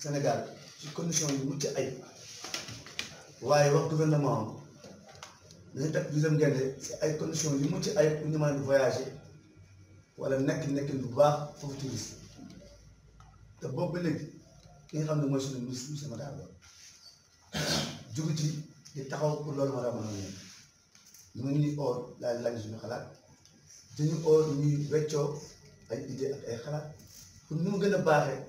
Sénégal ci condition yu mucc ay waaye wax gouvernement dañu teg deuxième ay condition yu mucc ay pour ñu mën voyager wala nekk lu baax foofu te boobu léegi ki nga xam ne mooy suñu ministre monsieur taxaw pour loolu ma ñu ngi ñuy oor xalaat dañu idée ay xalaat pour ñu mu gën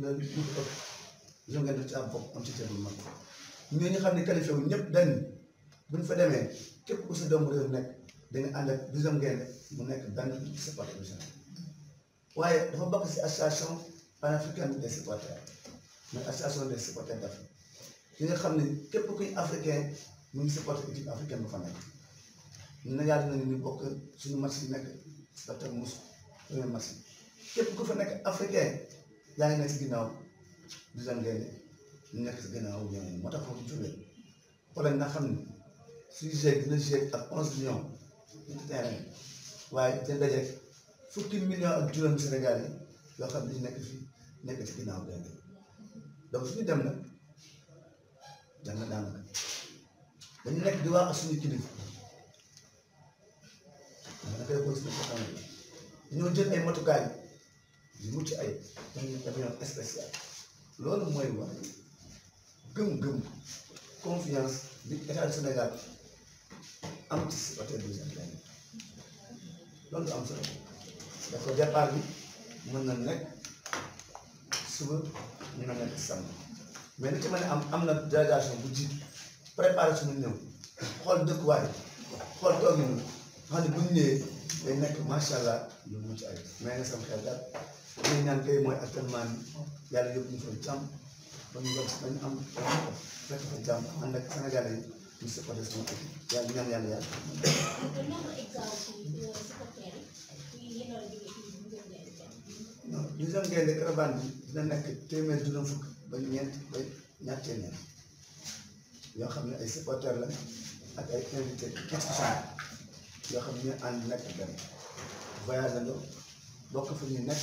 la li li ëpp jël nga def ci am bopp am ci cër ñoo ñu xam ne qualifié wu ñëpp dañ bu ñu fa demee képp ku sa doomu réew nekk da nga ànd ak deuxième gaynde mu nekk benn supporter national waaye dafa bokk si association panafricaine des supporters mais association des supporters nga xam ne képp kuy africain mu ngi supporter équipe africaine bu fa nekk ñun nag yàlla bokk suñu match yi nekk supporter musu képp ku fa nekk africain. yaa ngi nekk si ginnaaw du dem gaynde nekk si ginnaaw ñoom moo tax foofu jógee wala nga xam ne suy jeeg dina waaye dina daje fukki millions ak yoo xam ne nekk fii nekk ci ginnaaw gaynde donc suñu dem nag nekk di wax ak suñu kilifa dama la koy wax suñu waxtaan bi dañoo jël ay matukaay. yu mucc ay loolu bi état du am ci si hôtel bi mën na nekk suba mën na nekk samedi mais li ci ma a am am na délégation bu jiitu préparé suñu ñëw xool dëkkuwaay xool toog ñu xam bu ñu ñëwee nekk macha allah lu mucc ay mais nga sam xel daal. li ñaan kay mooy actuellement bi yàlla yóbbu ñu fa jàmm ba ñu ñu am fekk fa jàmm ànd ak Sénégal yi ñu supporté sama kër yàlla ñaan ba ñeent ba ñaar téeméer xam ne ay supporters la ak ay invités extras yoo xam ne ñu ànd nekk benn voyage andoo bokk fa ñu nekk.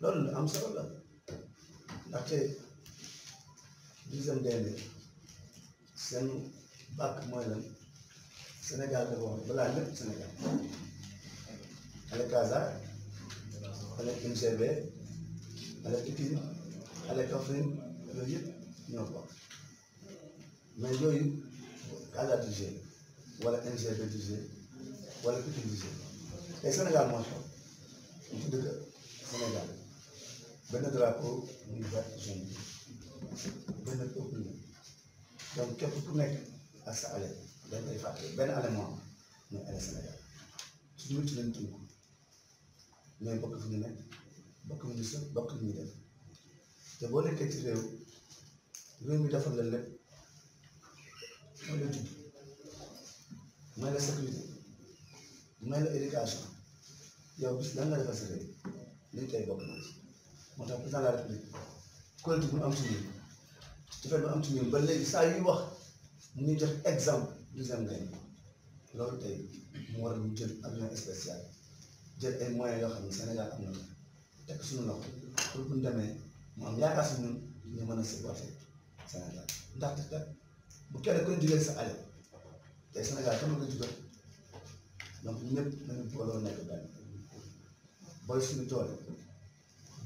loolu am solo la ndaxte deuxième dernier seen mooy lan Sénégal de wax balaa lépp Sénégal ale Casa ale ale ale yooyu mais Casa du wala NGB du wala du G e Sénégal moo benn drapeau muy vert jaune benn ëpp na donc képp ku nekk ak sa ale dañ koy benn ale moo ale Sénégal su ñu ci leen tënk bokk fi ñu nekk bokk ñu sa bokk te boo nekkee ci réew réew mi defal la lépp mooy la la sécurité mooy la éducation yow bis lan nga defal sa réew liñ koy bokk na moo tax président de la république ba léegi saa yuy wax mu ngi jox exemple deuxième gain loolu tey mu war a ñu jël avion yoo xam ne Sénégal am na ko teg ñu si ñun mën a supporter Sénégal ndaxte kat bu kenn ku ne jugee sa alal tey Sénégal xam nga ko jugee donc ñëpp nañu booloo nekk benn booy suñu tool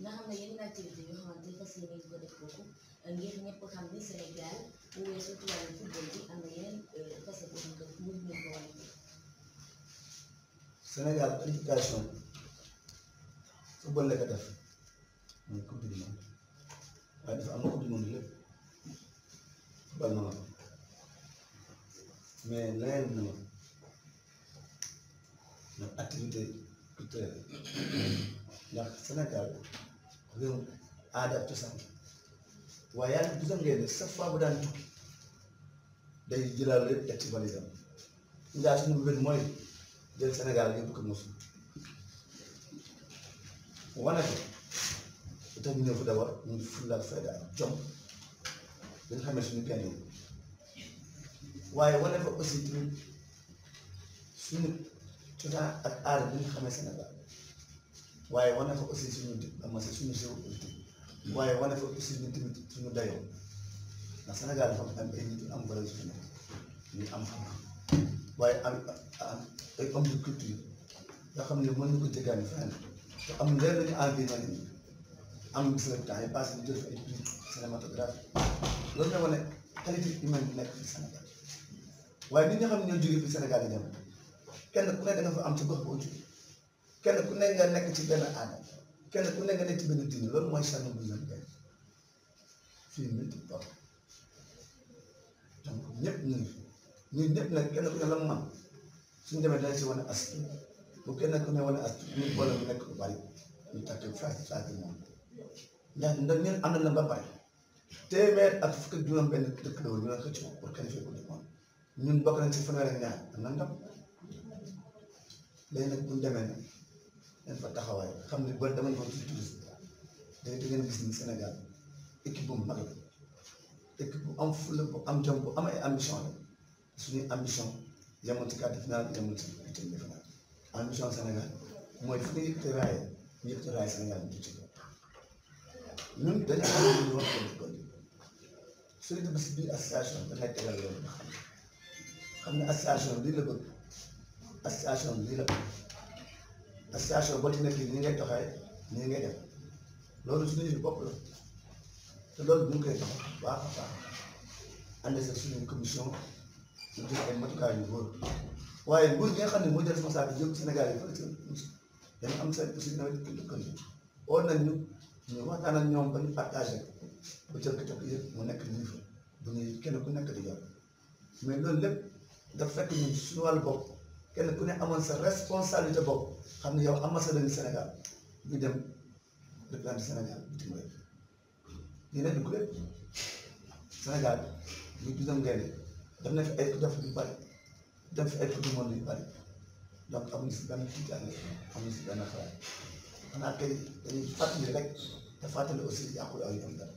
nga xam ne yeneen activité yoo xamante fas yéene ko def kooku ngir ñëpp xam ne Sénégal bu weesu ci wàllu football bi am na yeneen fas yéene ko mën nañ ko wane. Sénégal qualification football la ko def mooy coupe lépp football na ma mais leneen na ma nag activité culturelle ndax Sénégal réew aada ak cosaan waaye yaa ngi gisam ngeen ne chaque fois bu daan tukki day jëlaat lépp teg ci valisam ndaa suñu mbir mooy jël Sénégal yëpp ko mosu wane ko suñu kenn waaye wane ko suñu cosaan ak aada bi ñu xamee Sénégal waaye wane fa aussi suñu amase suñu géopolitique waaye wane fa aussi ñu tamit suñu dayoo ndax Sénégal dafa am ay nit ñu am am xam waaye am ay xam ne mën na ko jéggaani fenn am leer nañu am gis la temps yi passé ñu jël fa ay prix cinématographique loolu na wane qualité humaine bi nekk fi Sénégal waaye xam ne ñoo jógee fi yi dem kenn ku ne am ci gox boo jógee kenn ku nekk nga nekk ci benn aada kenn ku nekk nga nekk ci benn diine loolu mooy sànni bu ñu def ñëpp ñu ngi fi ñun ñëpp kenn ku ne la man suñu demee dañ si wane as bu kenn ku ne wane as ñu boole mu nekk lu bari ñu takk fas fas moom ndax ndax ñun am na ba pare téeméer ak fukk ak juróom-benn dëkk la woon ñu doon xëcc ko pour qualifier nañ si fanweer nag bu demee nag. dañ fa taxawaay xam ne ba dama ne woon fii touriste da ngeen gis ni Sénégal la équipe bu am fulla bu am jom bu am ay mooy fu ñuy ñu wax ko sooy dugg si biir nga xam ne association lii la bëgg association lii la bëgg. association boo ci nekk nii ngay doxee nii ngay def loolu suñu yëngu bopp la te loolu bu ñu koy dox baax a baax ànd sa suñu commission ñu jël ay waaye nguur gi nga xam ne mooy jël responsable yëpp Sénégal yi fële ci dañ am seen aussi nawet bi dëkkal yi oo nañ ñu ñu waxtaan ak ñoom ba ñu partagé ba jël këtëb yëpp mu nekk nii fa bu ñuy kenn ku nekk di yor mais loolu lépp da fekk ñun suñu wàllu bopp. kenn ku ne amoon sa responsabilité boobu xam ne yow ambassadeur du Sénégal ñu dem représenté Sénégal bitim réew ñu ne dugg lépp Sénégal ñu dudam gaynde def na fi ay def yu bari def fi ay coupe du monde yu bari donc amuñu si benn tiitaange amuñu si benn xalaat xanaa kay dañuy fàttali rek te fàttali aussi yàqu ak yoon dara